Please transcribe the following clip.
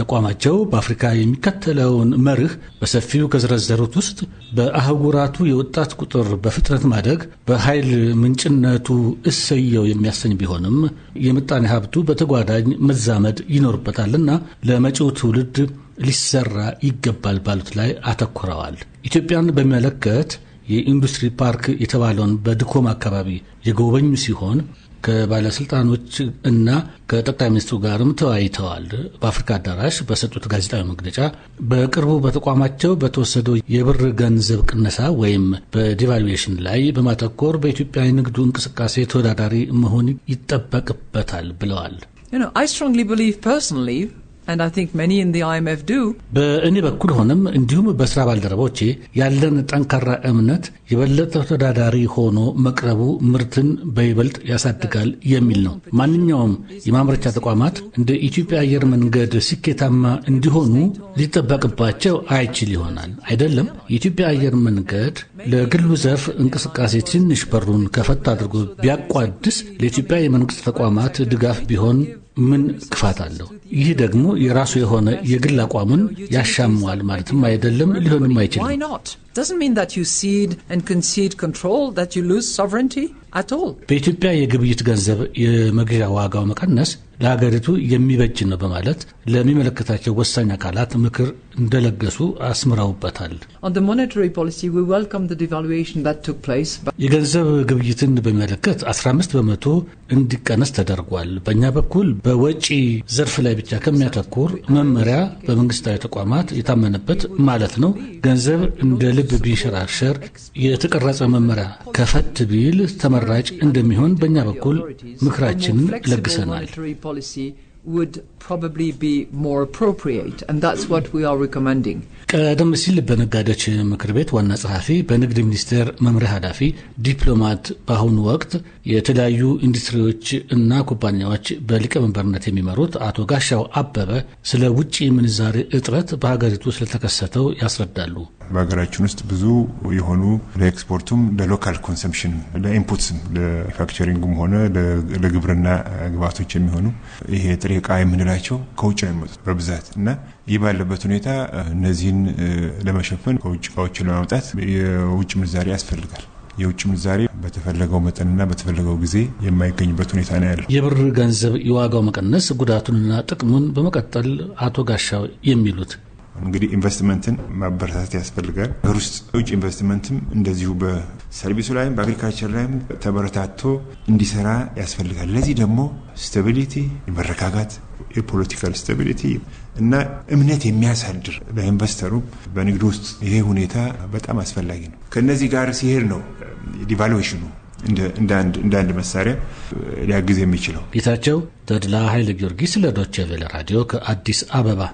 ተቋማቸው በአፍሪካ የሚከተለውን መርህ በሰፊው ከዘረዘሩት ውስጥ በአህጉራቱ የወጣት ቁጥር በፍጥነት ማደግ በኃይል ምንጭነቱ እሰየው የሚያሰኝ ቢሆንም የምጣኔ ሀብቱ በተጓዳኝ መዛመድ ይኖርበታልና ለመጪው ትውልድ ሊሰራ ይገባል ባሉት ላይ አተኩረዋል። ኢትዮጵያን በሚመለከት የኢንዱስትሪ ፓርክ የተባለውን በድኮም አካባቢ የጎበኙ ሲሆን ከባለስልጣኖች እና ከጠቅላይ ሚኒስትሩ ጋርም ተወያይተዋል። በአፍሪካ አዳራሽ በሰጡት ጋዜጣዊ መግለጫ በቅርቡ በተቋማቸው በተወሰደው የብር ገንዘብ ቅነሳ ወይም በዲቫሉዌሽን ላይ በማተኮር በኢትዮጵያ የንግዱ እንቅስቃሴ ተወዳዳሪ መሆን ይጠበቅበታል ብለዋል። You know, I strongly believe personally በእኔ በኩል ሆነም እንዲሁም በስራ ባልደረቦቼ ያለን ጠንካራ እምነት የበለጠ ተወዳዳሪ ሆኖ መቅረቡ ምርትን በይበልጥ ያሳድጋል የሚል ነው። ማንኛውም የማምረቻ ተቋማት እንደ ኢትዮጵያ አየር መንገድ ስኬታማ እንዲሆኑ ሊጠበቅባቸው አይችል ይሆናል አይደለም። የኢትዮጵያ አየር መንገድ ለግሉ ዘርፍ እንቅስቃሴ ትንሽ በሩን ከፈት አድርጎ ቢያቋድስ ለኢትዮጵያ የመንግስት ተቋማት ድጋፍ ቢሆን ምን ክፋት አለው? ይህ ደግሞ የራሱ የሆነ የግል አቋሙን ያሻመዋል ማለትም አይደለም፣ ሊሆንም አይችልም። በኢትዮጵያ የግብይት ገንዘብ የመግዣ ዋጋው መቀነስ ለሀገሪቱ የሚበጅ ነው በማለት ለሚመለከታቸው ወሳኝ አካላት ምክር እንደለገሱ አስምረውበታል። የገንዘብ ግብይትን በሚመለከት 15 በመቶ እንዲቀነስ ተደርጓል። በእኛ በኩል በወጪ ዘርፍ ላይ ብቻ ከሚያተኩር መመሪያ በመንግስታዊ ተቋማት የታመነበት ማለት ነው። ገንዘብ እንደ ልብ ቢንሸራሸር የተቀረጸ መመሪያ ከፈት ቢል ተመራጭ እንደሚሆን በእኛ በኩል ምክራችንን ለግሰናል። policy would probably be more appropriate and that's what we are recommending. ቀደም ሲል በነጋዴዎች ምክር ቤት ዋና ጸሐፊ፣ በንግድ ሚኒስቴር መምሪያ ኃላፊ፣ ዲፕሎማት በአሁኑ ወቅት የተለያዩ ኢንዱስትሪዎች እና ኩባንያዎች በሊቀመንበርነት የሚመሩት አቶ ጋሻው አበበ ስለ ውጭ ምንዛሬ እጥረት በሀገሪቱ ስለተከሰተው ያስረዳሉ። በሀገራችን ውስጥ ብዙ የሆኑ ለኤክስፖርቱም ለሎካል ኮንሰምፕሽን ለኢንፑትስም ለማኒፋክቸሪንግም ሆነ ለግብርና ግብዓቶች የሚሆኑ ይሄ ጥሬ እቃ የምንላቸው ከውጭ ነው የሚመጡት በብዛት እና ይህ ባለበት ሁኔታ እነዚህን ለመሸፈን ከውጭ እቃዎችን ለማምጣት የውጭ ምንዛሬ ያስፈልጋል። የውጭ ምንዛሬ በተፈለገው መጠንና በተፈለገው ጊዜ የማይገኝበት ሁኔታ ነው ያለው። የብር ገንዘብ የዋጋው መቀነስ ጉዳቱንና ጥቅሙን በመቀጠል አቶ ጋሻው የሚሉት እንግዲህ ኢንቨስትመንትን ማበረታት ያስፈልጋል። ሀገር ውስጥ ውጭ ኢንቨስትመንትም እንደዚሁ በሰርቪሱ ላይም በአግሪካልቸር ላይም ተበረታቶ እንዲሰራ ያስፈልጋል። ለዚህ ደግሞ ስታቢሊቲ፣ የመረጋጋት የፖለቲካል ስታቢሊቲ እና እምነት የሚያሳድር ለኢንቨስተሩ በንግድ ውስጥ ይሄ ሁኔታ በጣም አስፈላጊ ነው። ከእነዚህ ጋር ሲሄድ ነው ዲቫሉዌሽኑ እንደ አንድ መሳሪያ ሊያግዝ የሚችለው። ጌታቸው ተድላ ኃይለ ጊዮርጊስ ለዶቼ ቬለ ራዲዮ ከአዲስ አበባ